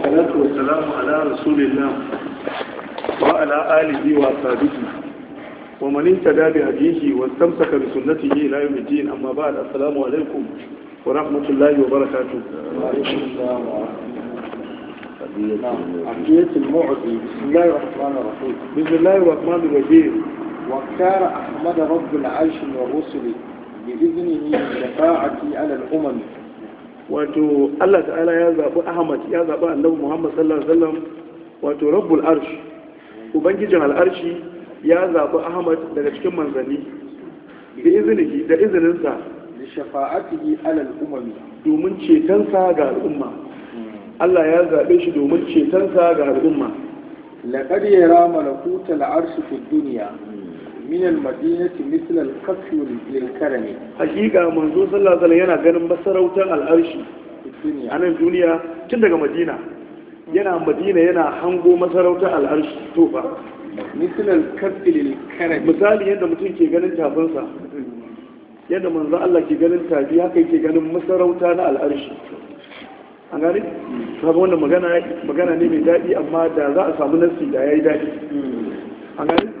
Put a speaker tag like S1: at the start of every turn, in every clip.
S1: والصلاة والسلام على رسول الله وعلى آله وصحبه ومن انتدى بهديه واستمسك بسنته لا يوم الدين أما بعد السلام عليكم ورحمة الله وبركاته عقيدة المعدي بسم الله الرحمن الرحيم بسم الله الرحمن الرحيم وكار أحمد رب العرش والرسل بإذنه شفاعتي على الأمم wato Allah ta'ala ya zaɓi Ahmad ya zaɓi Annabi Muhammad sallallahu wato Rabbul Arsh ubangijin al'arshi ya zaɓi Ahmad daga cikin manzanni da izinihi da izininsa da shafa'atihi alal umami domin cetonsa ga al'umma Allah ya zaɓe shi domin cetonsa ga al'umma laqad yara malakuta al'arshi fid dunya min al-madinati mithl al-qasr lil hakika manzo sallallahu alaihi yana ganin masarautar al'arshi. a nan duniya tun daga madina yana madina yana hango masarautar al'arshi, to fa mithl al-qasr misali yadda mutum ke ganin tafinsa yadda manzo Allah ke ganin tafi haka yake ganin masarauta na al'arshi. arshi an gane ta wannan magana ne mai daɗi amma da za a samu nasi da ya yi daɗi an gani.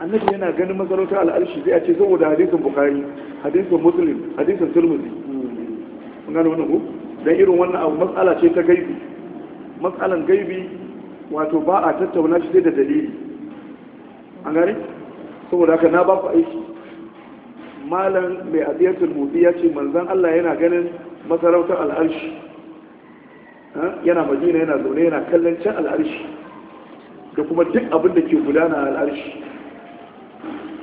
S1: annabi yana ganin masarautar al'arshi zai a ce saboda hadisin bukari hadisin muslim hadisin turmuzi
S2: mun
S1: gano wannan ko dan irin wannan abu matsala ce ta gaibi matsalan gaibi wato ba a tattauna shi sai da dalili an gane saboda haka na ba ku aiki malam mai adiyatul mudi ya ce manzan Allah yana ganin masarautar al'arshi yana madina yana zaune yana kallon can al'arshi da kuma duk abin da ke gudana al'arshi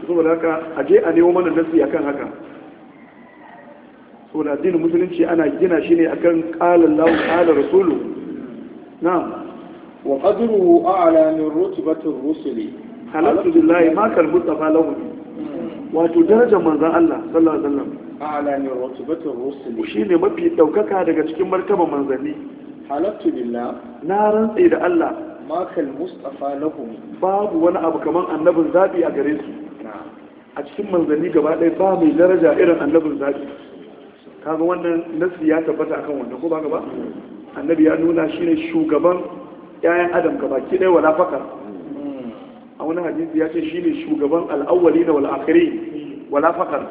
S1: saboda haka a je a nemo mana nasi akan haka saboda addinin musulunci ana gina shi ne akan qala Allahu qala rasulu na'am wa qadruhu a'la min rutbati ar-rusuli halatu billahi ma kal mustafa lahu wato darajar manzon Allah sallallahu alaihi wasallam a'la min rutbati ar-rusuli shine mafi daukaka daga cikin martaban manzanni halatu billah na rantse da Allah ma kal mustafa lahu babu wani abu kaman annabin zabi a gare su a cikin manzanni gaba ɗaya ba mai daraja irin annabin zaɓi kaga wannan nasi ya tabbata akan wannan ko ba gaba annabi ya nuna shi ne shugaban 'ya'yan adam gaba ki ɗaya wala fakar a wani hadisi ya ce shi ne shugaban al'awwali da wal'akari wala fakar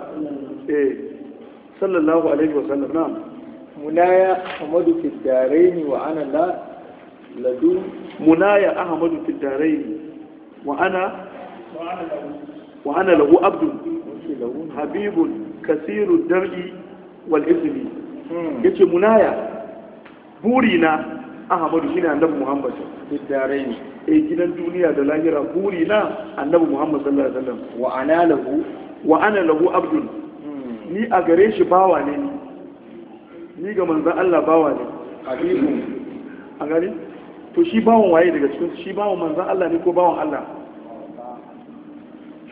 S1: eh sallallahu alaihi wasallam na munaya ahmadu fiddaraini wa ana la ladu munaya ahmadu fiddaraini wa ana wa ana wa له عبد حبيب كثير kasirun dar'i wal منايا hmm. yace munaya burina عند محمد annabi muhammad dare ne eh gidan duniya da lahira burina annabi muhammad sallallahu alaihi wa ana wa ana hmm. ni a gare shi bawa ne ni ga manzan Allah bawa ne habibun a gare to shi bawon waye daga cikin shi bawon manzan Allah ne ko bawon Allah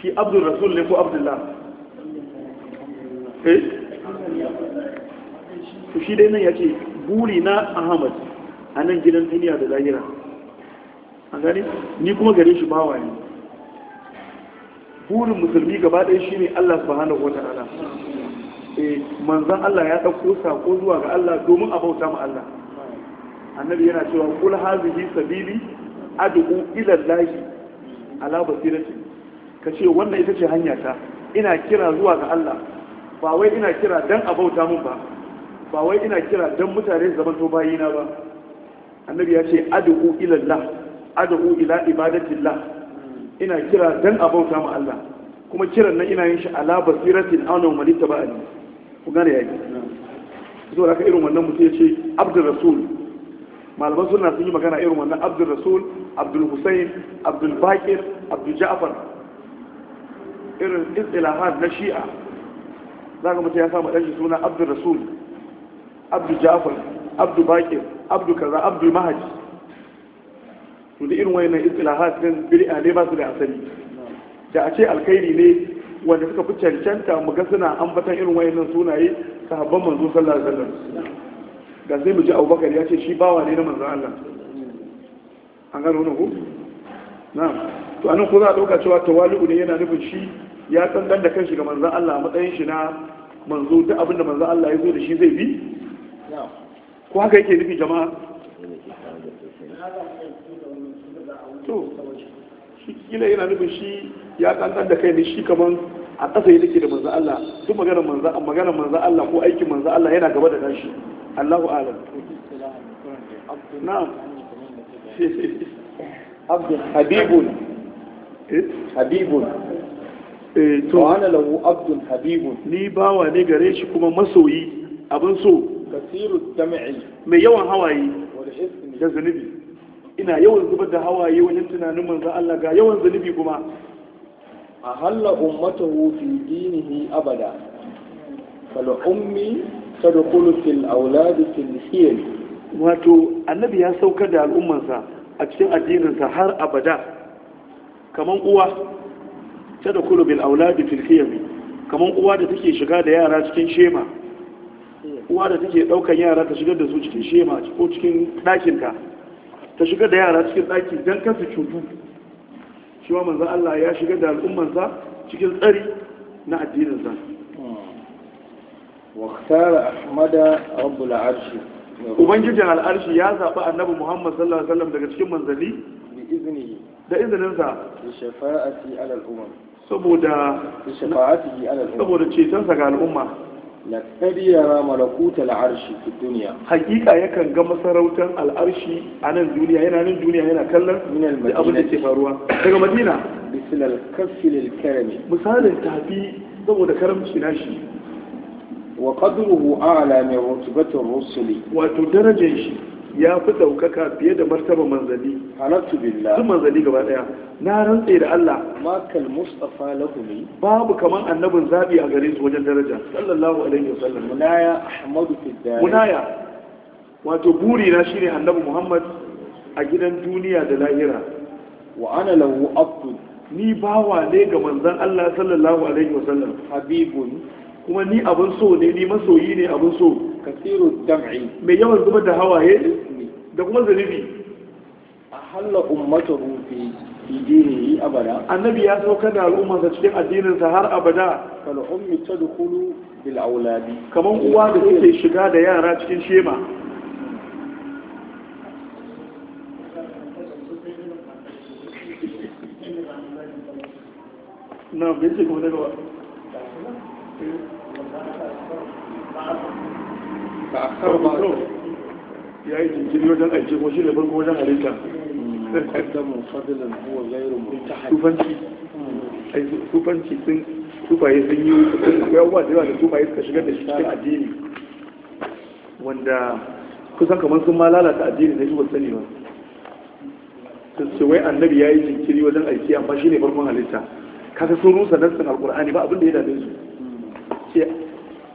S1: shi abdul rasul ne ko abdullah eh to shi dai nan ce buri na ahmad a nan gidan duniya da zahira an gani ni kuma gare shi bawa ne burin musulmi gaba ɗaya shine Allah subhanahu wata'ala eh manzan Allah ya ɗauko sako zuwa ga Allah domin a bauta mu Allah annabi yana cewa kula hazihi sabili adu'u ila Allah ala basirati ka ce wannan ita ce hanya ta ina kira zuwa ga Allah ba wai ina kira dan abauta mun ba ba wai ina kira dan mutane zaman to bayina ba annabi ya ce ad'u ila Allah ad'u ila ibadatillah ina kira dan abauta mu Allah kuma kiran nan ina yin shi ala basiratin ana wa malita ba'ali ku gane yayi zo da ka irin wannan mutum ya ce abdur rasul malaman suna sun yi magana irin wannan abdur rasul abdul hussein abdul baqir abdul ja'far irin istilafat na shi'a za ka mutu ya samu ɗan shi suna abdu rasul abdu jafar abdu bakir abdu kaza abdu mahaji to da irin wayannan istilafat din bid'a ne ba su da asali da a ce alkhairi ne wanda suka fi cancanta mu ga suna ambatan irin wayannan sunaye sahabban manzo sallallahu alaihi wasallam ga sai mu ji Abubakar ya ce shi bawa ne na manzo Allah an gano wannan ko na'am to anan ko za a ɗauka cewa tawali'u ne yana nufin shi ya tsandan da kanshi ga manzan Allah a matsayin shi na manzo duk abin da manzan Allah ya zo da shi zai bi ko haka yake nufi jama'a to shi kila yana nufin shi ya tsandan da kai ne shi kaman a ƙasa ya nake da manzan Allah duk maganar manzan maganar manzan Allah ko aikin manzan Allah yana gaba da kanshi. Allahu a'lam na'am abdul habibun Eh? habibun eh, to ana habibun ni bawa ne gare shi kuma masoyi abin so kasiru dam'i mai yawan hawaye da zunubi ina yawan zubar da hawaye wajen tunanin manzo Allah ga yawan zunubi kuma a halla ummatahu fi dinihi abada fal ummi tadkhulu fil awlad fil hiyal wato annabi ya sauka da al'ummarsa a cikin addininsa har abada kaman uwa ta da kulu bil auladi fil khiyami kaman uwa da take shiga da yara cikin shema uwa da take daukan yara ta shigar da su cikin shema ko cikin ɗakin ka ta shigar da yara cikin ɗaki dan su cutu shi wa manzo Allah ya shigar da al'ummansa cikin tsari na addinin sa واختار أحمد رب العرش ubangijin al'arshi ya zaɓi annabi muhammad sallallahu alaihi wasallam daga cikin manzanni da izininsa shafa'ati ala al'umma saboda shafa'ati ala al'umma saboda cetonsa ga al'umma laqad yara malakut al'arshi fi duniya. hakika yakan ga masarautar al'arshi a nan duniya yana nan duniya yana kallon da abin da ke faruwa daga madina bisil al-kaffi lil karami misalin tafi saboda karamci nashi wa qadruhu a'la min rutbati rusuli wato darajar shi ya fi daukaka fiye da martaba manzanni halattu billah su manzanni gaba daya na rantse da Allah makal mustafa lahumi babu kaman annabin zabi a gare su wajen daraja sallallahu alaihi wasallam munaya ahmadu fiddari munaya wato buri na shine annabi muhammad a gidan duniya da lahira wa ana lahu abdu ni bawa ne ga manzon Allah sallallahu alaihi wasallam habibun kuma ni abun so ne ni masoyi ne abun so kasiru dam'i mai yawan zubar da hawaye da kuma zunubi ahalla ummatahu fi dinihi abada annabi ya saukar da al'umma da cikin addininsa har abada kal ummi tadkhulu bil auladi kaman uwa da take shiga da yara cikin shema na bai kuma daga wa
S2: ka akar ma ya yi jinjiri wajen aiki ko shi ne farko wajen halitta muqaddamun
S1: fadlan huwa ghayru mutahad tufanci ai tufanci sun tufaye sun yi akwai abubuwa da yawa da tufaye suka shigar da shi cikin addini wanda kusan kamar sun ma lalata addini na shi ba sani ba su wai annabi ya yi jinkiri wajen aiki amma shi ne farkon halitta kaga sun rusa nan sun alkur'ani ba abin da ya dame su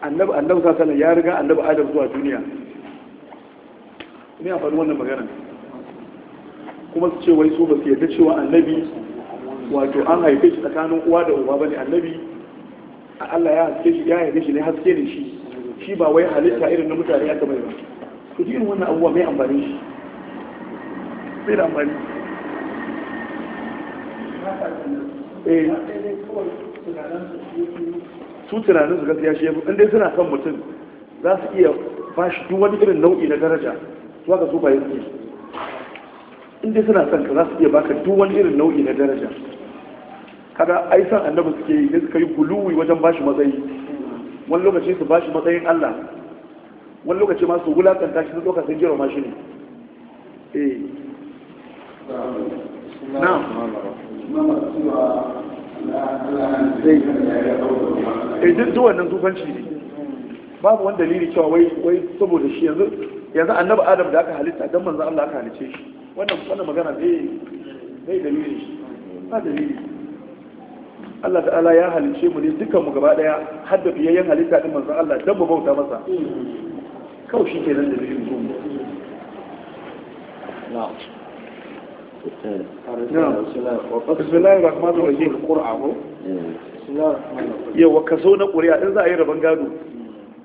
S1: annabi annabi sa ya riga annabi adam zuwa duniya ne a wannan magana kuma su ce wai su ba su cewa annabi wato an haife shi tsakanin uwa da uba bane annabi a Allah ya haske shi ya haife shi ne haske ne shi shi ba wai halitta irin na mutane aka bai ba Su ji irin wannan abubuwa mai amfani shi mai da amfani eh su tunanin su gaskiya ya fi inda suna son mutum za su iya ba duk wani irin nau'i na daraja su haka su bayan su inda suna son ka za su iya baka duk wani irin nau'i na daraja a ai san annabi suke yi ne suka yi guluwi wajen bashi matsayi wani lokaci su bashi matsayin Allah wani lokaci ma su wulakanta shi su ɗauka sun jira ma ne eh na'am eh duk wannan sufanci ne babu wani dalili cewa wai wai saboda shi yanzu yanzu annabi adam da aka halitta dan manzo Allah aka halice shi wannan wannan magana bai dai dalili ba dalili Allah ta'ala ya halice mu ne dukkan mu gaba daya har da biyayyen halitta din manzo Allah dan mu bauta masa kawai shi kenan dalilin mu na'am بسم الله الرحمن الرحيم القرآن yawa kaso na ƙuri'a in za a yi rabon gado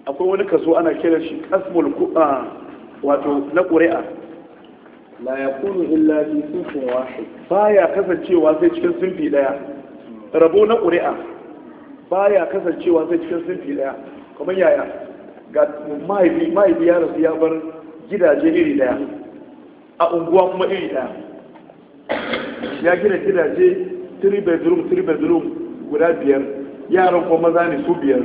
S1: akwai wani kaso ana kira shi kasmul ku'a wato na ƙuri'a la ya yakunu illa fi sinfin wahid baya kasancewa sai cikin sinfi ɗaya. rabo na ƙuri'a baya kasancewa sai cikin sinfi ɗaya kamar yaya ga mahaifi mahaifi ya rasu ya bar gidaje iri ɗaya? a unguwa kuma iri ɗaya. ya gina gidaje 3 bedroom 3 bedroom guda biyar yaran ko maza ne su biyar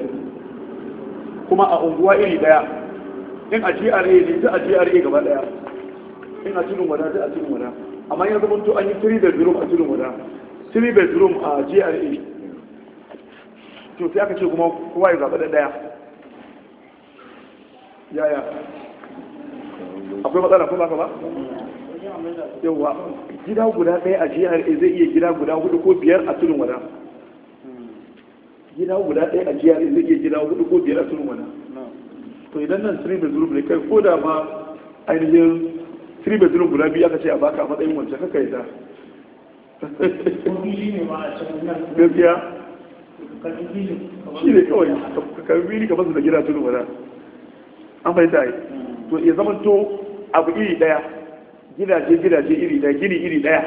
S1: kuma a unguwa iri daya in a GRA ne ta a GRA gaba daya in a cikin wada ta a cikin wada amma ya zama to an yi 3 bedroom a cikin wada 3 bedroom a GRA to sai aka ce kuma kowa ya zaɓa daya yaya akwai matsala kuma ka ba yawa gida guda ɗaya a GRA zai iya gida guda hudu ko biyar a cikin wada gida guda ɗaya a jiyar zai iya gida hudu ko biyar a turmana to idan nan three bedroom ne kai ko da ma ainihin sirri three bedroom guda biyu aka ce a baka a matsayin wancan haka ya da gaskiya shi ne kawai kabili kamar su da gida tunu mana an bai ta yi to ya zama to abu iri ɗaya, gidaje gidaje iri ɗaya, gini iri ɗaya,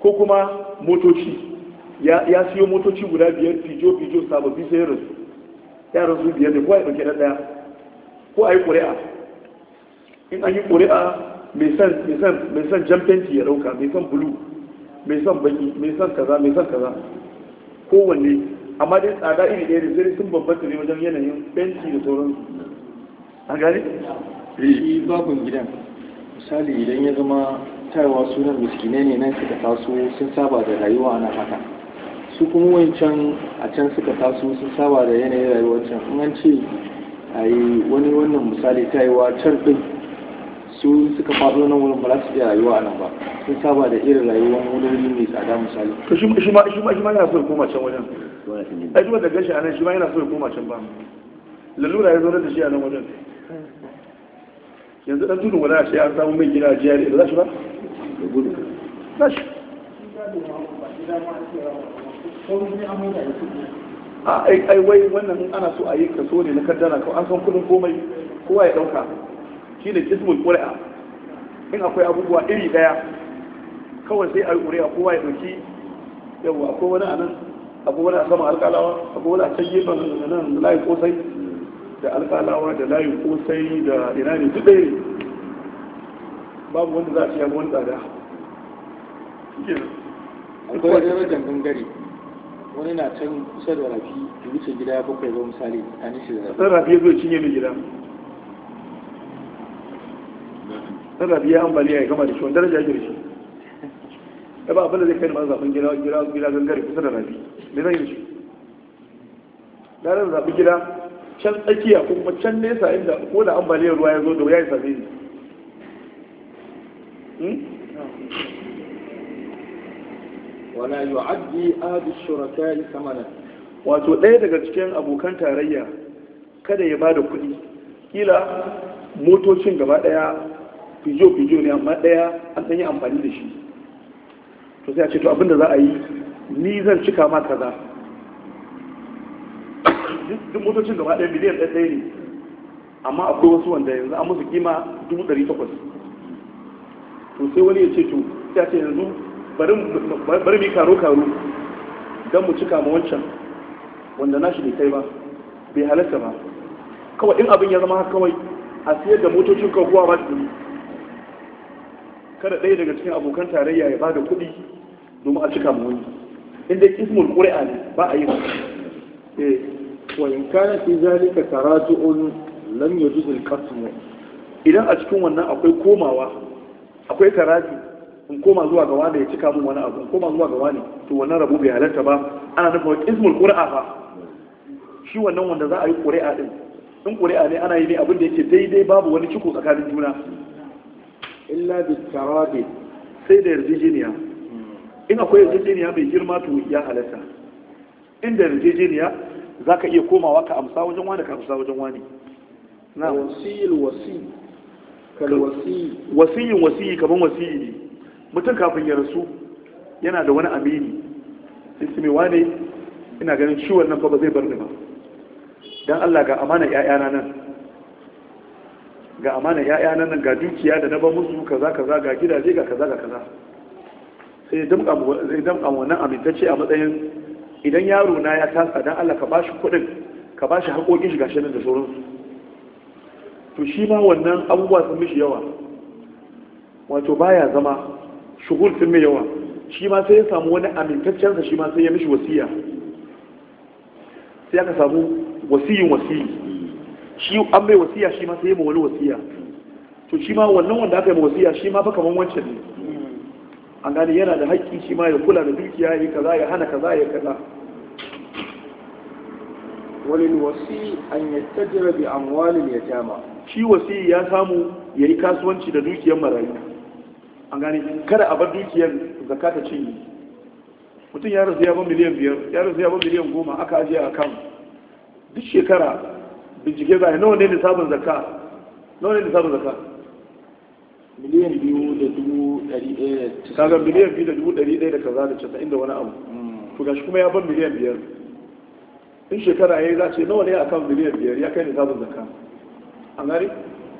S1: ko kuma motoci ya siyo motoci guda biyar fijo-fijo sababbi sai rasu ya rasu biyar ne ko a yi ɗauke na ɗaya ko a yi ƙuri'a in an yi ƙuri'a mai son jan fenti ya ɗauka mai son bulu mai son baki mai son kaza mai san kaza kowanne amma dai tsada iri ɗaya da sai sun bambanta ne wajen yanayin fenti da sauransu A gane? Eh, shi babin gidan misali idan ya zama tarwa sunan miskinai ne nan suka taso sun saba da rayuwa ana haka su kuma wancan a can suka taso su saba da yanayin rayuwar can in an ce a yi wani wannan misali ta yi wa can ɗin su suka faɗo nan wurin ba za su iya rayuwa nan ba sun saba da irin rayuwar wani mai tsada misali to shi ma yana so ya koma can wajen ai duk da gashi a nan shi ma yana so ya koma can ba lalura ya zo da shi a nan wajen yanzu dan tudun wala shi an samu mai gida jiya da za shi ba za shi a ai wai wannan ana so a yi kaso ne na kaddara kawai an san kudin komai kowa ya dauka ne kismul ƙuri'a in akwai abubuwa iri daya kawai sai a yi ƙuri'a kowa ya dauki yawa akwai wani a nan akwai wani a sama alƙalawa akwai wani a can gefen nan layi kosai da alƙalawa da layi kosai da ina ne duk ɗaya ne babu wanda za a ciyar wani tsada akwai darajar gangare wani na can kusa da rafi da wuce gida ya bakwai ba misali tsakanin shi da rafi ɗan rafi ya zo cinye mai gida ɗan rafi ya ambaliya ya gama da shi wani daraja ya shi ya ba abin da zai kai ma zafin gida gida gida gangare kusa da rafi me zan yi shi ranar zaɓi gida can tsakiya ko kuma can nesa inda ko da ambaliyar ruwa ya zo da ya yi sabi wala yu'addi adu shuraka'i samana wato ɗaya daga cikin abokan tarayya kada ya bada kuɗi kila motocin gaba ɗaya fijo fijo ne amma ɗaya an yi amfani da shi to sai a ce to abinda za a yi ni zan cika ma kaza duk motocin gaba ɗaya miliyan ɗaya ne amma akwai wasu wanda yanzu an musu kima dubu ɗari takwas to sai wani ya ce to sai a ce yanzu bari mu karo karo don mu cika ma wancan wanda nashi bai kai ba bai halatta ba kawai in abin ya zama haka kawai a siyar da motocin kowa ba su kada ɗaya daga cikin abokan tarayya ya ba da kuɗi domin a cika ma wani inda ismul ƙuri'a ne ba a yi ba eh, wa in kana fi zalika taraju'un lam yajuz al-qasm idan a cikin wannan akwai komawa akwai karatu. in koma zuwa ga wani ya cika mun wani abu in koma zuwa ga wani to wannan rabu bai halarta ba ana nufin ismul qur'a fa shi wannan wanda za a yi qur'a din in qur'a ne ana yi ne abin da yake daidai babu wani ciko tsakanin juna illa bi tarabi sai da yarjejeniya in akwai yarjejeniya mai girma to ya halarta In da yarjejeniya zaka iya komawa ka amsa wajen wani ka amsa wajen wani na wasiyil wasi kal wasi wasiyin wasi kaman wasiyi ne mutum kafin ya rasu yana da wani amini sai su mai wane ina ganin ciwon nan fa ba zai bar ni ba dan Allah ga amana ƴaƴana nan ga amana ƴaƴana nan ga dukiya da na ba musu kaza kaza ga gidaje ga kaza ga kaza sai damka sai damka wannan amintacce a matsayin idan yaro na ya tasa dan Allah ka bashi kuɗin ka bashi haƙoƙin shiga shi da sauransu to shi ma wannan abubuwa sun mishi yawa wato baya zama shugul sun mai yawa shi ma sai ya samu wani amintaccensa shi ma sai ya mishi wasiya sai aka samu wasiyin wasiyi shi an mai wasiya shi ma sai ya ma wani wasiya to shi ma wannan wanda aka yi ma wasiya shi ma fa kaman wancan ne an gane yana da haƙƙi shi ma ya kula da dukiya ya kaza ya hana kaza ya kaza walil wasi an yattajira bi amwalil yatama shi wasi ya samu yayi kasuwanci da dukiyar marayu an gane kada a bar dukiyar zakka ta yi mutum ya rasu ya bar miliyan biyar ya rasu ya bar miliyan goma aka ajiye a kan duk shekara bincike za a yi nawa ne nisabin zakka nawa ne nisabin zakka miliyan biyu da dubu ɗari ɗaya da kaga miliyan biyu da dubu ɗari ɗaya da kaza da casa'in da wani abu hmm. to gashi kuma ya bar miliyan biyar in shekara ya yi za ce nawa ne a kan miliyan biyar ya kai nisabin zakka an gari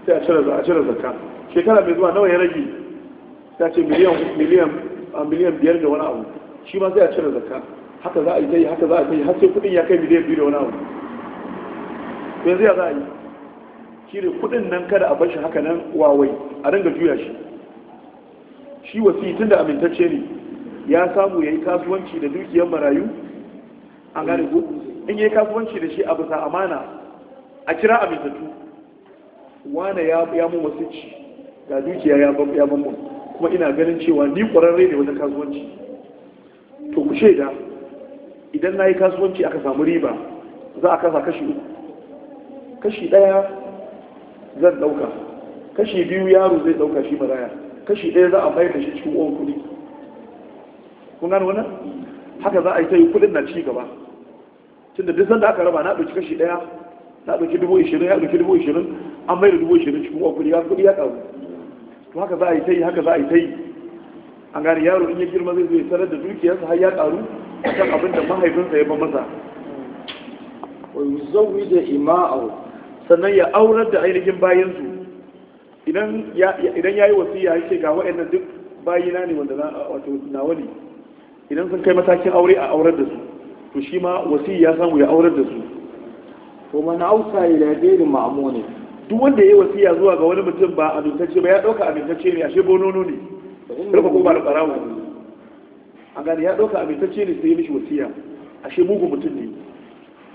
S1: sai a cire zakka shekara mai zuwa nawa ya rage ta ce miliyan biyar da wani abu shi ma zai a cire zaka haka za a yi zai haka za a yi har sai kudin ya kai miliyan biyu da wani abu yanzu ya za a yi shi ne kudin nan kada a bashi haka nan wawai a ringa juya shi shi wasi tun da amintacce ne ya samu ya yi kasuwanci da dukiyar marayu an gane ko in ya yi kasuwanci da shi a bisa amana a kira amintattu wane ya mu ci ga dukiya ya bambam kuma ina ganin cewa ni ƙwararre ne wajen kasuwanci to ku shaida idan na yi kasuwanci aka samu riba za a kasa kashi uku kashi ɗaya zan ɗauka kashi biyu yaro zai ɗauka shi maraya kashi ɗaya za a bai da shi cikin uwan kuɗi kun gano wannan haka za a yi ta yi kuɗin na ci gaba tunda duk sanda aka raba na ɗauki kashi ɗaya na ɗauki dubu ishirin ya ɗauki dubu ishirin an mai da dubu ishirin cikin uwan kuɗi ya kuɗi ya ƙaru to haka za a yi ta yi haka za a yi ta yi a gane yaro in ya girma zai zai sanar da dukiyarsa har ya karu a kan abin da mahaifinsa ya ba masa wa zauri da ima'u sannan ya aurar da ainihin bayansu idan ya yi wasu ya ce ga waɗannan duk bayina ne wanda wato nawa ne idan sun kai matakin aure a aurar da su to shi ma wasu ya samu ya aurar da su to man ausa ila ghairi ma'munin duk wanda ya yi wasiya zuwa ga wani mutum ba amintacce ba ya ɗauka amintacce ne ashe bonono ne rufa kuma da ɓarawo an gani ya ɗauka amintacce ne sai ya mishi wasiya ashe mugu mutum ne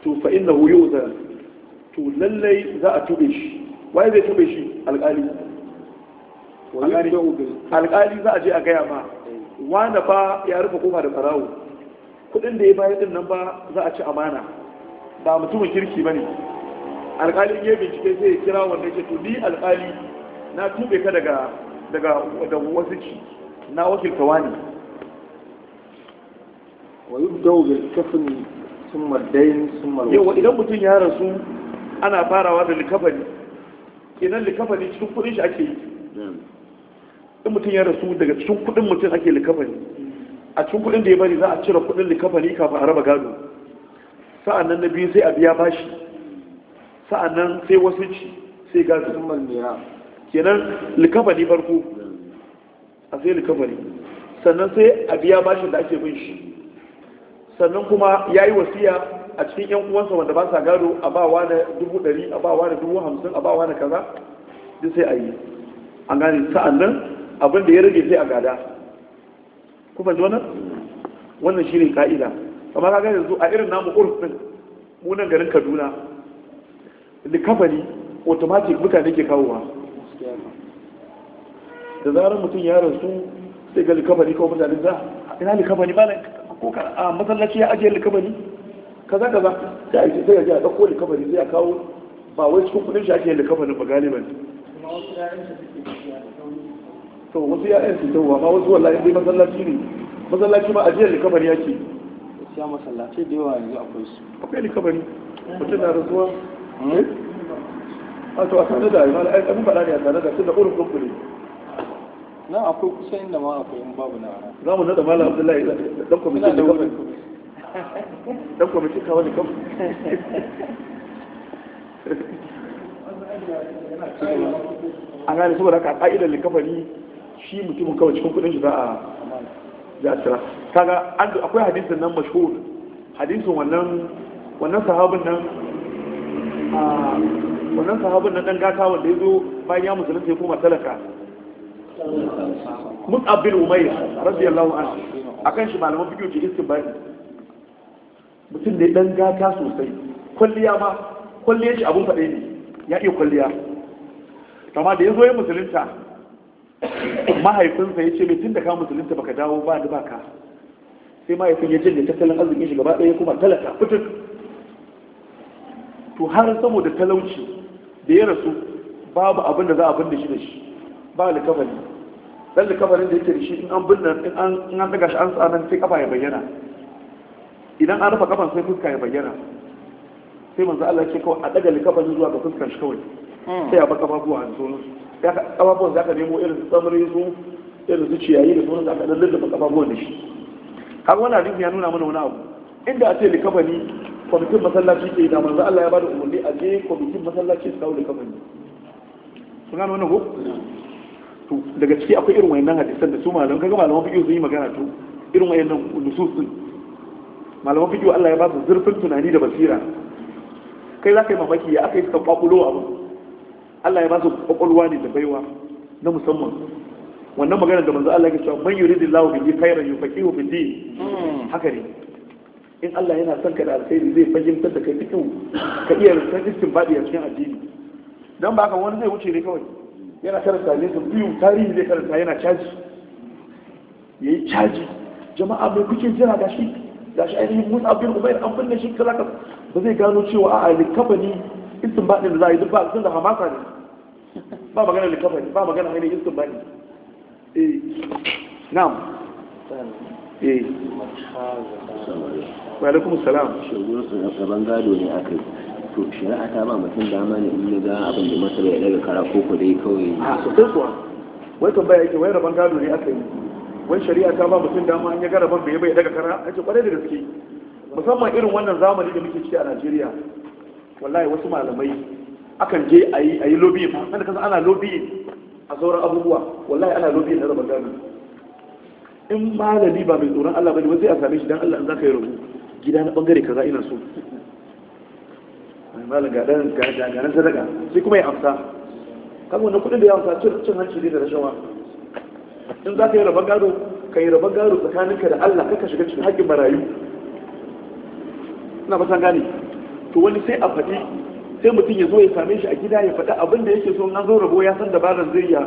S1: to fa inna hu to lallai za a tube shi waye zai tube shi alƙali alƙali za a je a gaya ma
S2: eh.
S1: wanda fa ya rufe kofa da ɓarawo kuɗin da ya bayar ɗin nan ba za a ci amana ba mutumin kirki ba ne alƙalin ya bincike sai ya kira wanda ya to ni alƙali na tube ka daga daga da ci na wakilta wani
S2: wa yubdau bil kafn thumma dayn thumma yau idan
S1: mutum ya rasu ana farawa da likafani idan likafani cikin kudin shi ake yi in mutum ya rasu daga cikin kudin mutum ake likafani a cikin kudin da ya bari za a cire kudin likafani kafin a raba gado sa'annan na biyu sai a biya bashi sa'annan sai wasu ci sai gado kenan likafani farko a sai likafani sannan sai a biya bashin da ake bin shi sannan kuma ya yi wasiya a cikin yan uwansa wanda ba sa gado a ba wa da dubu ɗari a ba wa da dubu hamsin a ba wa da kaza duk sai a yi an gane sa'annan abin da ya rage sai a gada kuma ji wannan wannan shi ne ka'ida amma ka gane yanzu a irin namu urfin munan garin kaduna likafani automatic mutane ke kawowa da zarar mutum ya rasu sai ga likafani kawo mutane za ina likafani ba ko ka a masallaci ya ajiye likafani kaza kaza sai a sai a ji a ɗauko likafani sai a kawo ba wai cikin kudin shi ake likafani ba galiban to wasu ya'yan su tawwa ma wasu wallahi dai masallaci ne masallaci ma ajiyar likafani yake Ya masallaci da yawa yanzu akwai su akwai likafani mutum na rasuwa Hmm? a to a sanar da imanu ai abin faɗa ne a sanar da tun da ƙurin kunkuli na akwai kusa inda ma akwai yin babu na ana za mu nada malam abdullahi dan kwamitin da kawai dan kwamitin kawai da kawai a gane saboda haka ka'idar likafari shi mutumin kawai cikin kudin shi za a ya tsira kaga akwai hadisin nan mashhur hadisin wannan wannan sahabin nan wannan sahabin na ɗan gata wanda ya zo bayan ya musulunta ya koma talaka mus'ab bin umayr radiyallahu anhu akan shi malaman fiqh iskin istinbari mutum ne dan gata sosai kwalliya ma kwalliya shi abun faɗe ne ya iya kwalliya kama da ya zo ya musulunta mahaifinsa ya ce mai tun da ka musulunta baka dawo ba da baka sai mahaifin ya janye tattalin arzikin shi gaba ɗaya kuma talaka fitin to har saboda talauci da ya rasu babu abin da za a binne shi da shi ba likafani dan ɗan da yake da shi in an binne in an daga shi an tsanan sai kafa ya bayyana idan an rufe kafan sai fuska ya bayyana sai manzo Allah ce kawai a daga likafanin zuwa ga fuskar shi kawai hmm. sai a babuwa da sonu ya su kafafuwan za ka nemo irin tsamri su irin su ciyayi da sonu za ka ɗan lullufa kafafuwan da shi har wani abin ya nuna mana wani abu inda a ce likafani kwamitin masallaci ke da manzo Allah ya bada umarni a je kwamitin masallaci su kawo da kafin sun gano wannan ko to daga ciki akwai irin wayannan hadisan da su malaman kaga malaman fiqh sun yi magana to irin wayannan nusus din malaman fiqh Allah ya ba su zurfin tunani da basira kai za ka yi mamaki ya aka yi suka kwakulo abu Allah ya ba su kwakwalwa ne da baiwa na musamman wannan magana da manzo Allah ya ce man yuridillahu bihi khairan yufaqihu bid-din hmm. haka ne in Allah yana son ka da alkhairi zai fahimtar da kai fikin ka iya rikon iskin baɗi a cikin addini don ba ka wani zai wuce ne kawai yana karanta ne su biyu tarihi zai karanta yana caji ya yi caji jama'a mai kuke jira ga shi ga shi ainihin musa abin umair an binne shi kaza ba zai gano cewa a'a ne iskin baɗin da za a yi duk ba sun da hamasa ne ba magana ne, ba magana ainihin iskin baɗi
S2: eh na'am eh
S1: salam shugaban su na gado ne akai to shari'a ta ba mutum dama ne in
S2: ga abin da masara ya daga kara ko ko dai kawai a sosai
S1: kuwa wai tambaya yake wai raban gado ne akai wai shari'a ta ba mutum dama in ya ga raban bai bai daga kara ake kwarai da gaske musamman irin wannan zamani da muke ciki a Najeriya wallahi wasu malamai akan je a yi lobiyin ma kasa ana lobiyin a sauran abubuwa wallahi ana lobiyin na raban gado in malami ba mai tsoron Allah bane ba sai a same shi dan Allah in zaka yi rubu gida na bangare kaza ina so mai ga dan ga ga sadaka sai kuma ya amsa kaga wannan kudin da ya amsa cin hanci ne da rashawa in zaka yi rabon gado ka yi rabon gado tsakaninka da Allah kaka shiga cikin haƙƙin marayu ina ba san gane to wani sai a faɗi sai mutum ya zo ya same shi a gida ya faɗi abin da yake so na zo rabo ya san dabaran zai ya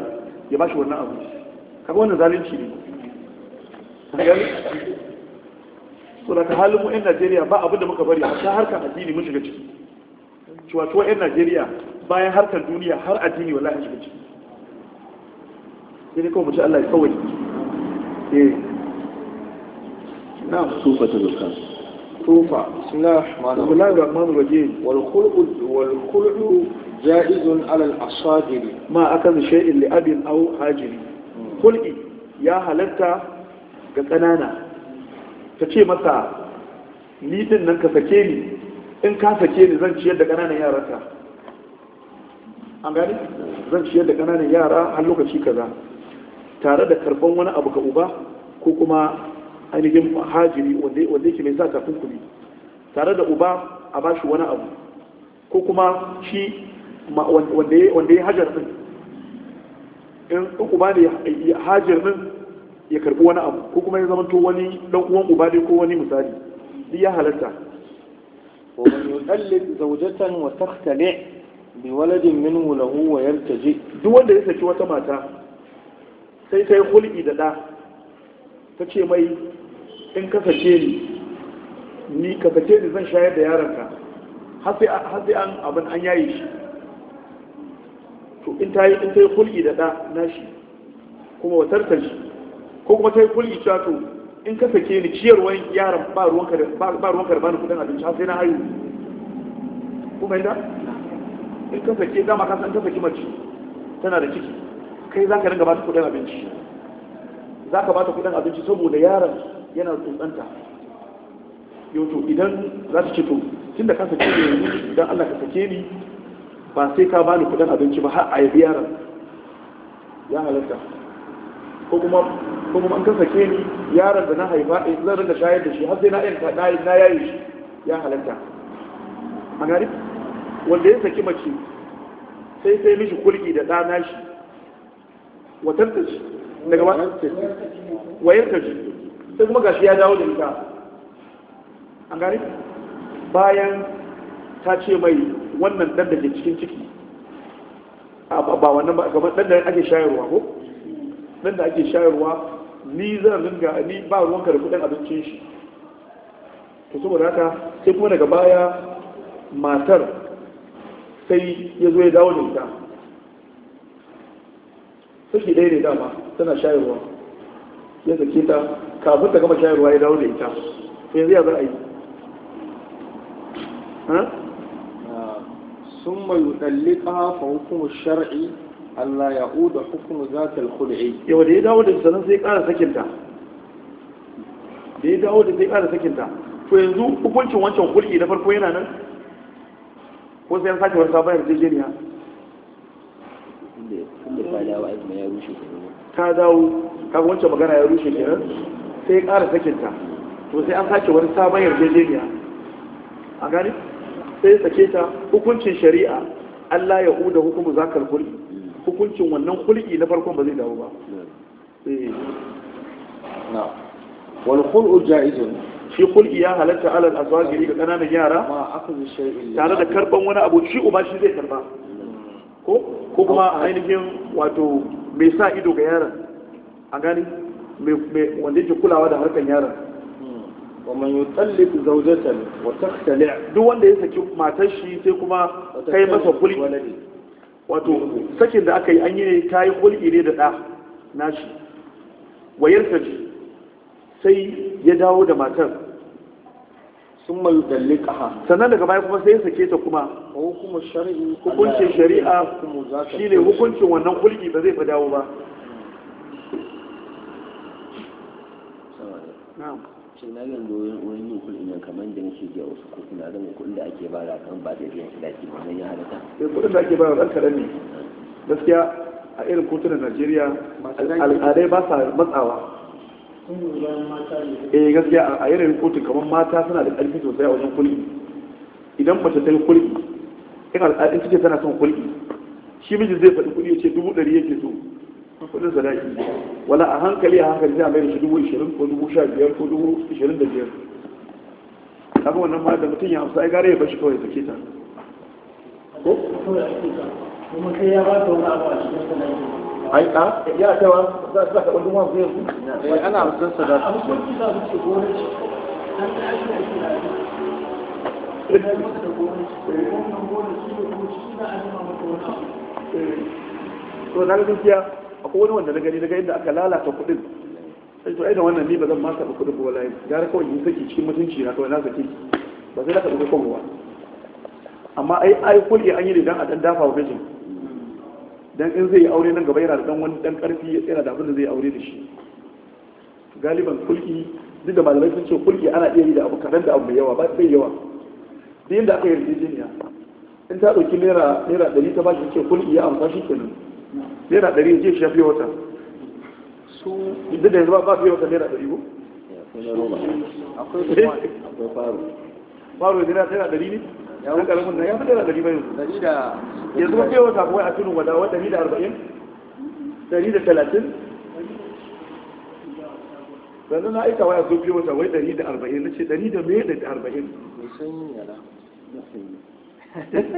S1: ya shi wannan abu kaga wannan zalunci ne so daga halin mu 'yan najeriya ba abinda muka bari a ta harkar addini mun shiga ciki cuwacuwa 'yan najeriya bayan harkar duniya har addini wallahi shiga ciki sai dai kawai mu ci allah kawai eh na tufa ta zuka Tufa. بسم الله الرحمن الرحيم بسم الله الرحمن الرحيم والخلع والخلع جائز على الأصاجر ما أكل شيء لأب أو هاجر خلقي يا ga ƙanana ta ce masa ni din nan ka sake ni in ka sake ni zan ciyar da ƙananan ta an gani zan ciyar da ƙananan yara har lokaci kaza tare da karɓan wani abu ka uba ko kuma ainihin hajiri wanda yake mai sa kafin kuɗi tare da uba a bashi wani abu ko kuma shi wanda ya hajar din in uba ne ya hajar din ya karbi wani abu ko kuma ya to wani dan uwan uba dai ko wani misali duk ya halatta wa man yudallil zawjatan wa takhtali bi waladin minhu lahu wa yaltaji duk wanda ya saki wata mata sai ta yi da da ta ce mai in ka sace ni ni ka sace ni zan shayar da yaronka har sai an abin an yayi shi to in ta yi in da da nashi kuma watartar shi ko kuma ta yi kulki cewa to in ka sake ni ciyarwan yaran ba ruwanka da ba da bani kudin abinci sai na hayu kuma inda in ka sake dama ka san ka sake mace tana da ciki kai za ka ringa ba ta kudin abinci za ka ba ta kudin abinci saboda yaran yana tsuntsanta yau to idan za ta ceto, to da ka sake ni yanzu idan Allah ka sake ni ba sai ka bani kudin abinci ba har a yabi yaran. ya halatta ko kuma an kasa ke ni yaron da na haifa eh, zan da shayar da shi har sai na ta na na yayi shi ya halatta a gari wanda ya saki mace sai sai mishi kulki da dana shi watan ta shi daga ba wayar ta shi sai kuma gashi ya dawo da ita a gari bayan ta ce mai wannan dan da ke cikin ciki ba wannan ba gaban dan da ake shayarwa ko nan da ake shayarwa ni zan ringa ni ba ruwanka da kudin abincin shi to saboda haka sai kuma daga baya matar sai ya zo ya dawo da ita saki ɗaya ne dama tana shayarwa ya zake ta kafin ta gama shayarwa ya dawo da ita sai yanzu ya za a yi ah, sun mai tsallika fa hukumar shar'i Allah ya uda hukumu za ta alkhul'i yau da ya dawo da sanan sai ƙara sakinta da ya dawo da sai ƙara sakinta to yanzu hukuncin wancan hulki na farko yana nan ko sai an sake wani sabon yarjejeniya ka dawo ka wancan magana ya rushe kenan sai ƙara sakinta to sai an sake wani sabon yarjejeniya a gani sai sake ta hukuncin shari'a Allah ya uda hukumu ta kulli hukuncin wannan hulki na farkon ba zai dawo ba eh. na wal khul'u ja'izun shi hulki ya halatta alal azwajiri ga kananan yara tare da karban wani abu shi uba shi zai karba ko ko kuma ainihin wato mai sa ido ga yaran. a gani wanda yake kulawa da harkan yaron ومن يطلق زوجته وتختلع duk wanda ya saki matar shi sai kuma kai masa kulki wato sakin da aka yi an yi ne ta yi hulki ne da ɗa nashi wayar ta ji sai ya dawo da matar sun mai dalli ƙaha sannan daga baya kuma sai ya sake ta kuma hukuncin shari'a shi ne hukuncin wannan hulki ba zai fi dawo ba
S2: ce na yanzu wurin yin kuɗin nan kamar da
S1: nake a wasu kuɗi na zama kuɗin da ake ba da kan ba da biyan shi daki wannan ya halatta eh kuɗin da ake ba da ɗan kaɗan ne gaskiya a irin kotunan Najeriya al'adai ba sa matsawa eh gaskiya a irin kotun kamar mata suna da ƙarfi sosai a wajen kulki idan mace ta yi kulki in al'adun suke tana son kulki shi miji zai faɗi kuɗi ya ce dubu ɗari yake so kudin sadaki wala a hankali a hankali sai a mai da shi dubu ishirin ko dubu sha biyar ko dubu ishirin da biyar kaga wannan ma da mutum ya amsa ai gare ya bashi kawai sake ta ko kuma sai ya ba ta wani abu a cikin sadaki ai ka ya cewa za su ka dubu hamsin
S2: yanzu eh ana amsan sadaki a mutum kisa su ce gonaci an ta shi da shi da shi da
S1: gonaci ko kuma
S2: gonaci da kuma shi na an yi mamata wani
S1: abu to na gaskiya akwai wani wanda na gani daga inda aka lalata kuɗin sai to ai wannan ni ba zan ma kudin kuɗin ba wallahi gara kawai yin saki cikin mutunci na kawai na saki ba sai na karɓi kan amma ai ai kulli an yi ne dan a dan dafa wa dan in zai yi aure nan gaba yana da dan wani dan karfi ya tsira da abin da zai aure da shi galiban kulki duk da malamai sun ce kulki ana iya yi da abu kadan da abu mai yawa ba sai yawa duk yadda aka yi yarjejeniya in ta ɗauki naira naira 100 ta bashi ce kulki ya amsa shi kenan naira ɗari je shi ya fiye wata su duk da yanzu ba fiye wata naira ɗari ko akwai faru faru da naira ɗari ne ya wuce karamin na ya fi naira ɗari bayan yanzu ba fiye wata kuwa a tunin wada wa ɗari da arba'in ɗari da talatin sannan na aika waya zo fiye wata wai ɗari da arba'in na ce ɗari da mai da arba'in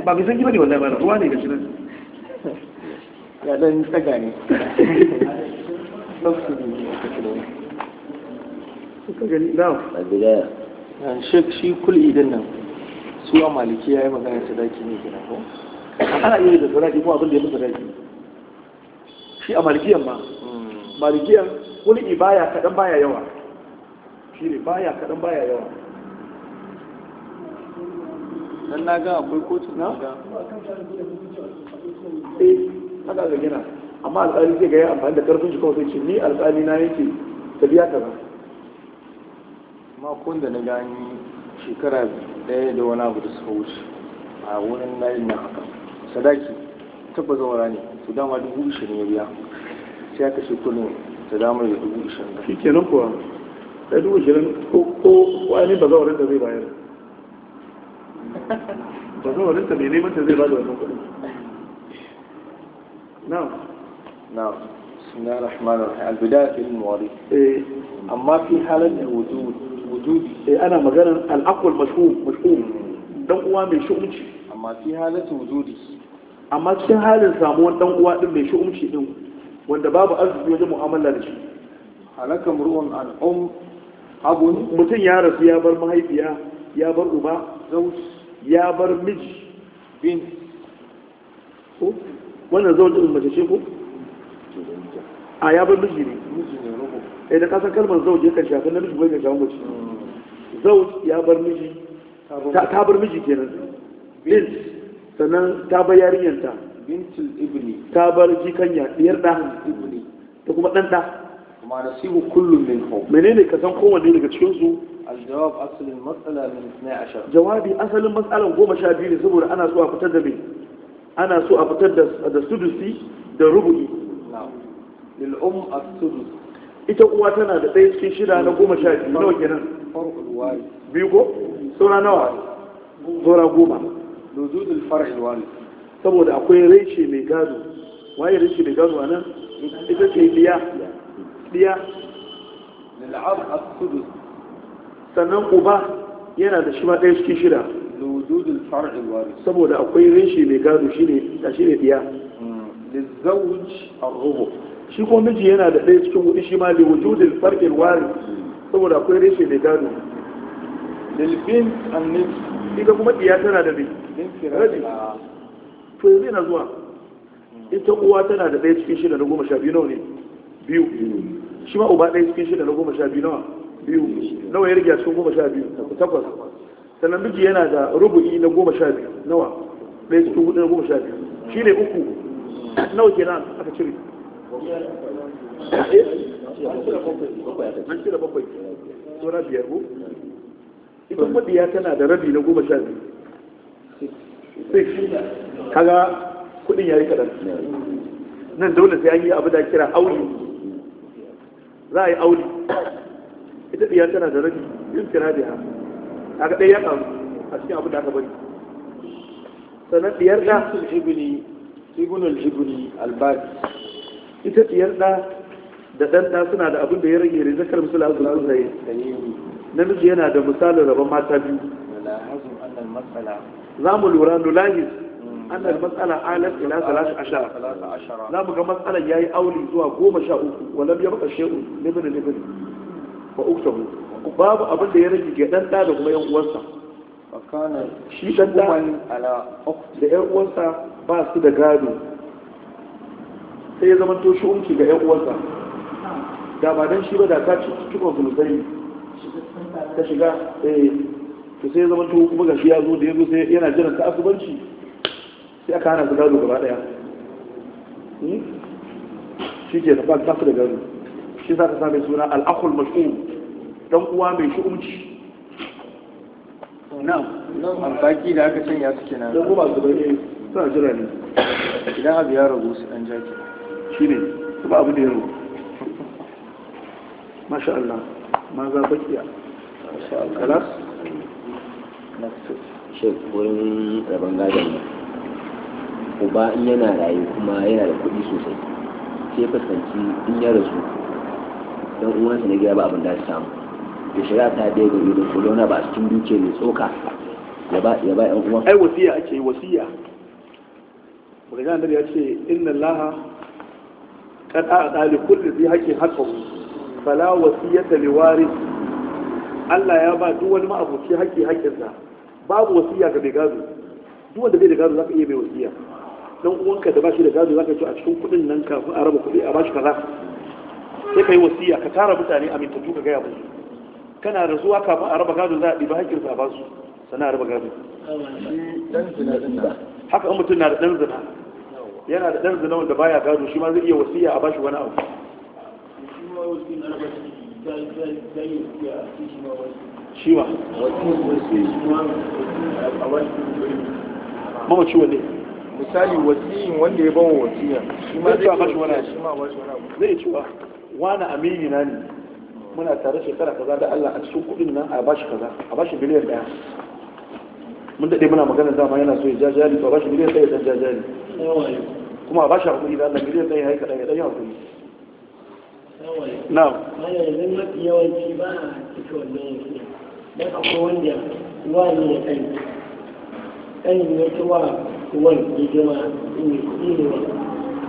S1: ba mai sanyi ba ne wannan ba ruwa ne ga shi nan
S2: ya dan tsaga ne
S1: A shek shi kul'i idan nan Suwa maliki ya yi magana sadaki ne kenan ko ana iya da sadaki ko abinda ya fi sadaki shi a malikiyan ma malikiyan kul'i baya kaɗan baya yawa shi ne baya kaɗan baya yawa
S2: dan na ga akwai kotu na ga
S1: haka ga gina amma alƙali zai ga ya amfani da karfin shi kawai sai ce ni alƙali na yake ta biya kaza makon da na gani shekara ɗaya da wani abu da suka wuce a wurin layin na haka sadaki tabba zawara ne su dama dubu ishirin ya biya sai aka shi ta damar da dubu ishirin ba kuwa dubu ishirin ko wani ba zawarin da zai bayar ba zawarin ta mai neman ta zai ba da wannan kuɗin نعم نعم بسم الله الرحمن الرحيم البداية في المواريث إيه أما في حالة وجود وجود إيه أنا مثلا الأقوى المشهور مشهور دم قوى من شو شؤمتي أما في حالة وجودي أما في حالة سامون دم قوة من شؤمتي دم وأن باب أرض وجه معاملة لشي هلك امرؤ عن أم أب متن يا رب يا بر مهيب يا يا بر أبا زوج يا بر مج بنت wannan zaune ɗin mace ce ko a ya bar miji ne eh da kasan kalmar zaune yakan shafi miji ko yakan shafi mace zaune ya bar miji ta bar miji kenan bint sannan ta bar yarinyanta bintul ibni ta bar jikanya ɗiyar da ibni da kuma ɗan ɗa. ma
S2: nasibu kullum min hau menene ka san kowanne daga
S1: cikin su aljawab asalin matsala min 12 jawabi asalin matsalan goma sha biyu ne saboda ana so a fitar da mai ana so a fitar da sudusi da rubu'i lil'um a sudus ita uwa tana da ɗaya cikin shida na goma sha biyu nawa kenan biyu ko saura nawa zora goma luzudul far'il wani saboda akwai reshe mai gado waye reshe mai gado anan ita ce biya biya lil'um a sudus sannan uba yana da shi ma ɗaya cikin shida liwujudul far'il waris saboda akwai rinshi mai gado shine da shine diya lizawj ar-rubu shi mm. ko miji yana da ɗaya cikin hudu shi ma liwujudul far'il waris saboda akwai rinshi mai gado lilbin annis ita kuma diya tana da rabi to yanzu yana zuwa mm. ita uwa tana da ɗaya cikin shida na goma sha biyu nawa ne biyu shi ma uba ɗaya cikin shida na goma sha biyu nawa biyu nawa ya rage cikin goma sha biyu takwas sannan miji yana da rubu'i na goma sha biyu nawa ɗaya cikin hudu na goma sha biyu shi ne uku nawa ke nan aka cire eh? an cire ita mabiya tana da rabi na goma sha biyu kaga kudin ya yi kaɗan nan dole sai an yi abu da kira auli za a yi auli ita biya tana da rabi yin kira da kaga ɗaya ya a cikin abin da aka bari sannan ɗiyar da ibni ibn al-ibni al-baqi ita ɗiyar da da ɗan da suna da abin da ya rage rizqal misal azul zai namiji yana da misalin rabon mata biyu za mu lura nulahiz
S2: hmm. an al-mas'ala alat ila ashara.
S1: za mu ga matsalar yayi auli zuwa goma sha 13 walam yabqa shay'un limin limin fa uktabu babu abin da ya rage ga dan da kuma yan uwansa shi dan da da yan uwansa ba su da gado sai ya zama to shi ga yan uwansa da ba dan shi ba da ta ci cikin zulzai ta shiga eh to sai ya zama to kuma shi ya zo da ya zo sai yana jiran ta asubanci sai aka hana su gado gaba daya hmm? shi ke da ba su da gado shi za ta same suna al'akul mash'um dan uwa mai shi'umci nan amfaki da aka canya su kenan nan kuma su bane suna jira ne idan abu ya ragu su dan jaki shi ne su ba abu da yaro masha Allah ma za bakiya kalas
S2: shi wurin rabon ne uba in yana
S1: rayu kuma yana da kuɗi sosai sai fuskanci in ya rasu don uwansa na gida ba abin da su samu ya shiga ta ga ya da kulona ba cikin duke mai tsoka ya ba ya ba yan uwa ai wasiya ake wasiya baka ga dare ya ce inna laha qad a'ta li kulli zai haqqin haqqahu fala wasiyata li warith Allah ya ba duk wani ma'abuci haƙƙi haƙƙinsa babu wasiya ga mai gado duk wanda bai da gado zaka iya mai wasiya dan uwanka da bashi da gado zaka ce a cikin kuɗin nan kafin a raba kuɗi a bashi kaza sai kai wasiya ka tara mutane amintattu ka gaya musu kana rasuwa kafin a raba gado za a ɗiba haƙƙinsu a basu sana raba gado haka an mutum na da ɗan zina yana da ɗan zina wanda baya gado shi ma zai iya wasiya a bashi wani abu shi ma mama ciwo ne misali wasiyin wanda ya bawa wasiya shi ma zai ba shi wani abu zai cewa wani amini na ne muna tare shekara kaza da Allah a cikin kudin nan a bashi kaza a bashi biliyan daya mun daɗe muna magana dama yana so ya ja jari to a bashi miliyan ɗaya dan ja jari kuma a bashi hakuri da Allah miliyan ɗaya ya haika ɗaya ɗan yi hakuri na'am
S2: yanzu mafi yawanci ba a cika wannan yankin dan akwai wanda wani ya kai ɗanin ya ta wa wani hidima ne kuɗi ne wani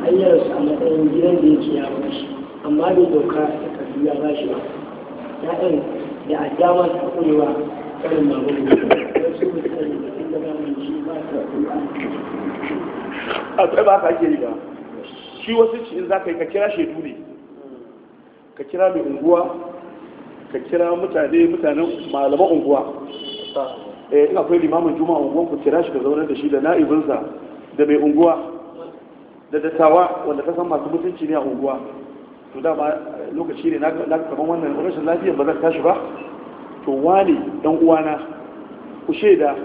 S2: hanyar su a matsayin gidan da yake ya bashi amma bai doka ta kafi ba shi ba na ɗan da a dama su kurewa karin magana da
S1: a tsaye ba ka ake yi ba shi wasu ci in za ka yi ka kira shaidu ne ka kira mai unguwa ka kira mutane mutanen malaman unguwa eh in akwai limamin juma'a unguwan ku kira shi ka zaunar da shi da na'ibinsa da mai unguwa da dattawa wanda ta san masu mutunci ne a unguwa to dama lokaci ne na kaman wannan rashin lafiyar ba zan tashi ba to wani dan uwana ku shaida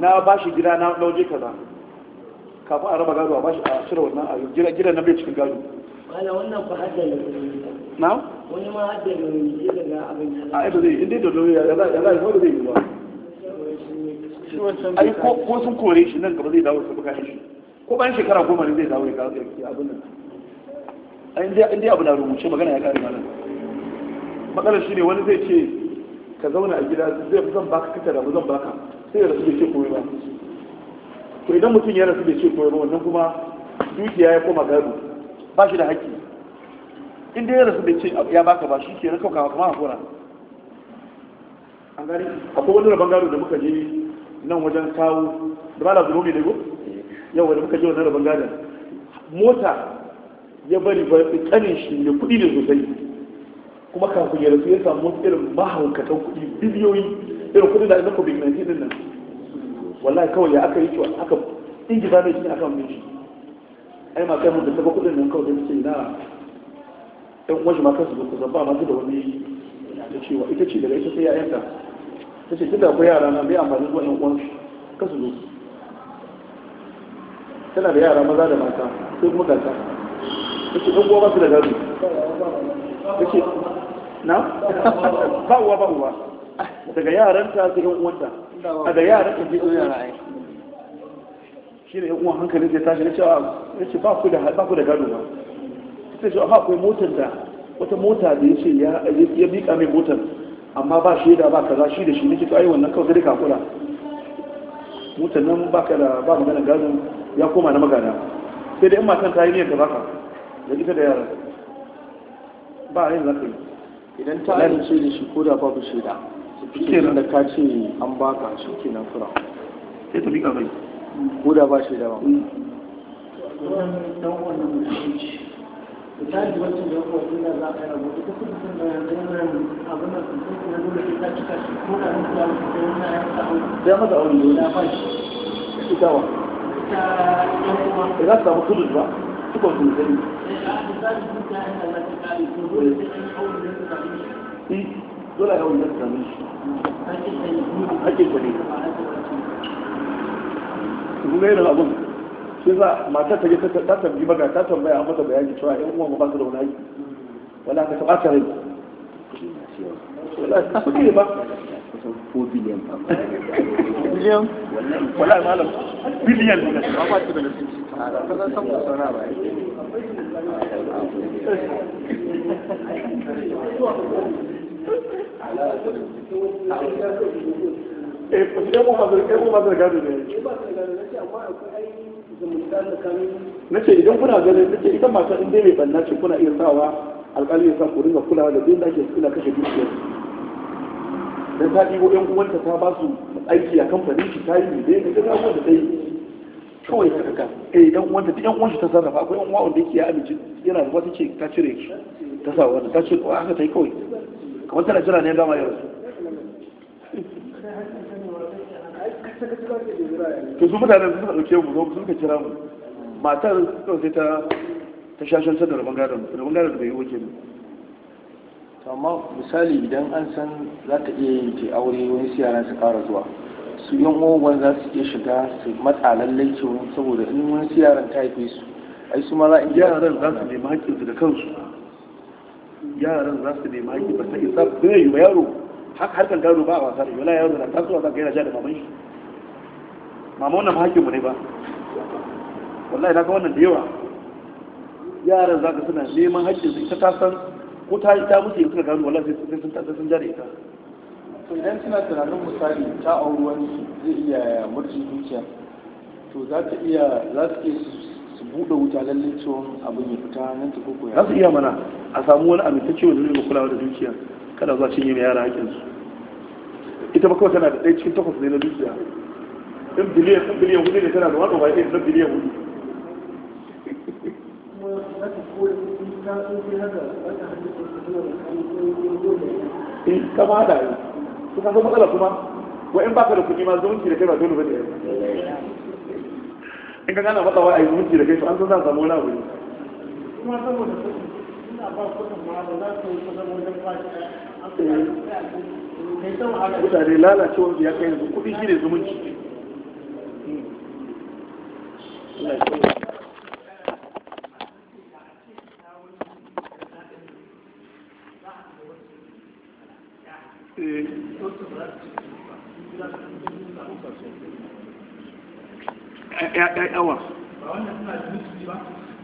S1: na ba shi gida na lauje kaza kafin a raba gado a bashi a cire wannan ayo gida gidan na bai cikin gado
S2: wala wannan ba hadda ne na wani
S1: ma hadda ne ya daga abin a ita zai inda da doya ya za ya zo zai yi ba ai ko sun kore shi nan gaba zai dawo su bukashi ko bayan shekara goma ne zai dawo ya kawo abin nan in dai abu na rubuce magana ya kare malam matsalar shi ne wani zai ce ka zauna a gida zai fi zan baka kasa da mu zan baka sai ya rasu bai ce komai ba to idan mutum ya rasu bai ce komai ba wannan kuma dukiya ya koma gado ba shi da haƙƙi in dai ya rasu bai ce ya baka ba shi ke na kawo kama, hakura an gani akwai wani rabon gado da muka je nan wajen kawo da ba la zuwa ne ne ko eh. yau wani muka je wani rabon gadon mota ya bari ba kanin shi ne kuɗi ne sosai kuma kafin ya rasu ya samu irin mahaukatan kuɗi biliyoyi irin kuɗi da ku bin nanti din nan wallahi kawai ya aka yi to aka ingiza mai shi aka mun shi ai ma kai mun da saba kuɗin nan kawai da suke na ɗan uwan shi ma kansu ku zaba ma da wani da cewa ita ce daga ita sai ya yanka ta ce tunda akwai yara na bai amfani zuwa ɗan uwan shi kansu zo tana da yara maza da mata sai kuma gasa kace ɗan uwa ba su da gado kace na ba uwa ba uwa daga yaran ta ɗan uwanta a da yaran ta ɗan yara shi ne uwan hankali zai tashi na cewa ah, ba ku da ba ku da gado ba sai ce aha akwai motar da wata mota da yace ya ya bika mai motar amma ba shaida ba kaza shi da shi nake to ai wannan kawai sai ka kula motar nan baka da ba magana gado ya koma na magana sai da in matan ta yi niyyar da baka da ita da yaran ba yin zaka idan ta amince da shi ko da babu shaida shikenan da ka ce an baka shikenan fura sai ta bika bai ko da ba shaida ba mm.
S2: wannan dan wannan mutum ce misali wacce da yau wajen da za a yi rabu Ta kuma ta da yanzu yana abin da sun sun na nuna ita cika shi ko da mutu ya mutu ya nuna ya ta aure
S1: ya mata aure ne ya ba shi ita wa ita yan kuma za ta samu kudus ba suka su sani eh, dole ya wani nasa sami ake kwade su ga irin abin sai za matar ta je ta tambayi maga ta tambaya mata bayani cewa yan uwan ba su da wani aiki wani aka taɓa ta rai
S2: kuɗi ne ba 4 biliyan ba
S1: biliyan wallahi malam biliyan ne ba ba ci da nasibi eh mu
S2: mazar gado ne nace idan kuna ganin na ce ita
S1: mata in dai mai banna ce kuna iya sawa alƙali ya sa ku dinga kulawa da duk da ake kula kashe dukiyar dan ta ɗibo ƴan uwanta ta ba su aiki a kamfanin shi ta yi ne da ta da ta kawai saka kaka eh dan wanda duk yan uwanshi ta sarrafa akwai yan wanda yake ya amince yana da wata ce ta cire shi ta sa wanda ta ce aka ta yi kawai kamar tana jira ne dama yau to su mutanen suka dauke mu zo suka kira mu matar suka sai ta ta shashantar da rabon da rabon gadon da bai wuce waje amma misali idan an san za ta iya yin ta aure wani siyara su kara zuwa su yan uwan za su iya shiga su matsa lallai cewa saboda in wani su yaran ta haife su ai su mara in yaran za su nemi hakkin su da kansu yaran za su nemi hakkin ba ta isa bai yi ba yaro harkar gado ba a wasa da yola yaro na tasowa za ka yana sha da maman shi mama wannan haƙƙin mu ne ba wallahi na ga wannan da yawa yaran za ka suna neman hakkin su ita ta san ko ta yi ta mutu ya suka gano wallahi sai sun jare ta to idan suna tunanin misali ta auri wani zai iya murci zuciya to za ta iya za su iya su buɗe wuta lallai cewa abin ya fita nan ta koko ya? za su iya mana a samu wani ta ce wanda zai kulawa da zuciya kada za su yi mai yara su ita ba kawai tana da ɗaya cikin takwas ne na zuciya ɗan biliyan ɗan biliyan hudu ne tana da wani ba ɗaya ɗan biliyan hudu in kama da yi kuma kaga matsala kuma wa in baka da kuɗi ma zumunci da kai ba dole ne in ka gana matsawa a yi zumunci da kai to an san samu wani abu ne eh. ya kai yanzu shi yawa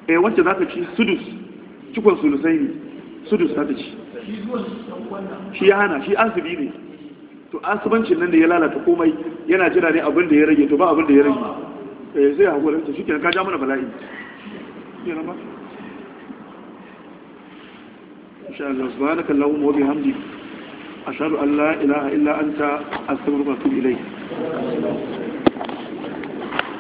S1: eh wacce za ka ci sudus cikon sulusai ne sudus za ta ci shi ya hana shi asibi ne to asibancin nan da ya lalata komai yana jira ne abin da ya rage to ba abin da ya rage eh zai haƙurin ta shi kenan ka ja mana bala'i insha Allah subhanaka Allahumma wa bihamdika ashhadu allah la ilaha illa anta astaghfiruka wa atubu ilayk